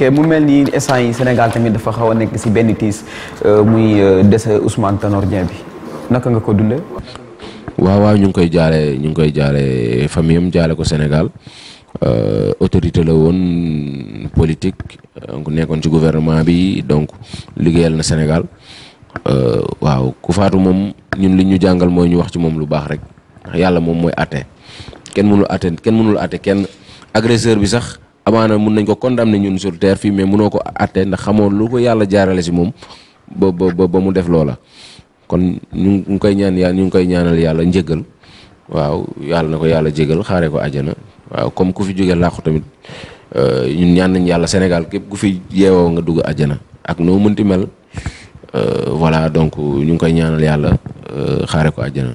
ok mu mel ni instant yi Sénégal tamit dafa xaw nek ci ben tis tiis euh, muy euh, dese Ousmane Tanor dien bi naka nga ko dundé waaw waaw ñu koy jaale ñu koy jaale famiyam am ko Sénégal euh, autorité la won politique donc nekkon ci gouvernement bi donc liggéeyal na Sénégal waaw ku faatu mom ñun li ñu jangal moy ñu wax ci mom lu baax rek yalla mom moy atté ken mënul atté ken mënul atté ken agresseur bi sax. amaana mun nañ ko condamner ñun sur terre fii mais munoo ko atte ndax xamoo lu ko yàlla jaarale si moom ba ba ba mu def loola kon ñu ngi koy ñaan yàlla ñu ngi koy ñaanal yàlla njëgal waaw yàlla na ko yàlla jégal xaare ko àjjana waaw comme ku fi jóge làqu tamit euh, ñun ñaan nañ yàlla Sénégal képp ku fi yeewoo nga dugg àjjana ak noo mënti mel euh, voilà donc ñu ngi koy ñaanal yàlla euh, xaare ko àjjana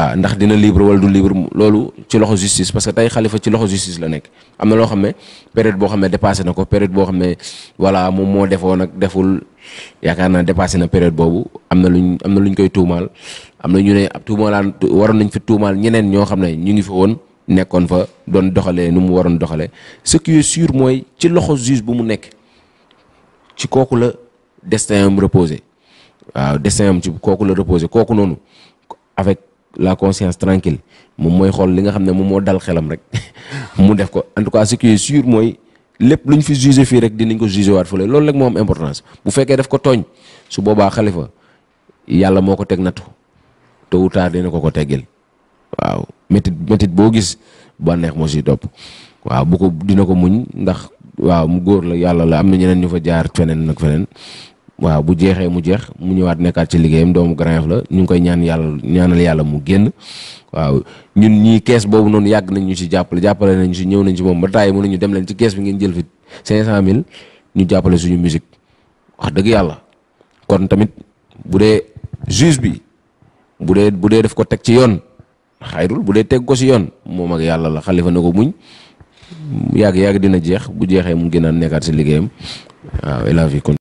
ah ndax dina libre wala du libre lolou ci loxo justice parce que tay khalifa ci loxo justice la nek amna lo xamné période bo xamné dépassé nako période bo xamné ne voilà moom moo defoon ak deful yaakaar dépassé na période bobu amna na luñ am luñ koy tuumaal amna ñu né ab tuumaalaan waroon nañ fi tuumaal ñeneen ño xamné ñu ngi fi won nekkoon fa doon doxalee nu mu waroon doxalee ce qui est sûr moy ci loxo juge bu mu nek ci koku la destin am reposer waaw destin am ci koku la reposer koku nonu avec. la conscience tranquille moom mooy xol li nga xam ne moom moo dal xelam rek mu def ko en tout cas ce qui est mooy lépp lu fi jugé fii rek dinañ ko jugé waat fële loolu rek moo am importance bu fekkee def ko tooñ su boobaa xalifa yàlla moo ko teg nattu tôt ou tard dina ko ko teggil waaw métit métit boo gis bànneex moo si topp waaw bu ko dina ko muñ ndax waaw mu góor la yàlla la am na ñeneen ñu fa jaar feneen nag feneen wa bu jexé mu jex mu ñëwaat nekkat ci ligéyam doomu Grand Yoff la ñu koy ñaan yalla ñaanal yalla mu genn waaw ñun ñi kees bobu non yag nañ ñu ci jàppale jàppale nañ ci ñëw nañ ci mom ba tay mu ñu dem leen ci kees bi ngeen jël fi 500000 ñu jappalé suñu musique wax dëgg yalla kon tamit bu dé juge bi bu dé bu dé def ko tek ci yoon xayrul bu dé tek ko ci yoon mom ak yalla la khalifa nako muñ yag yag dina jex bu jexé mu gën a nekkaat ci liggéeyam waaw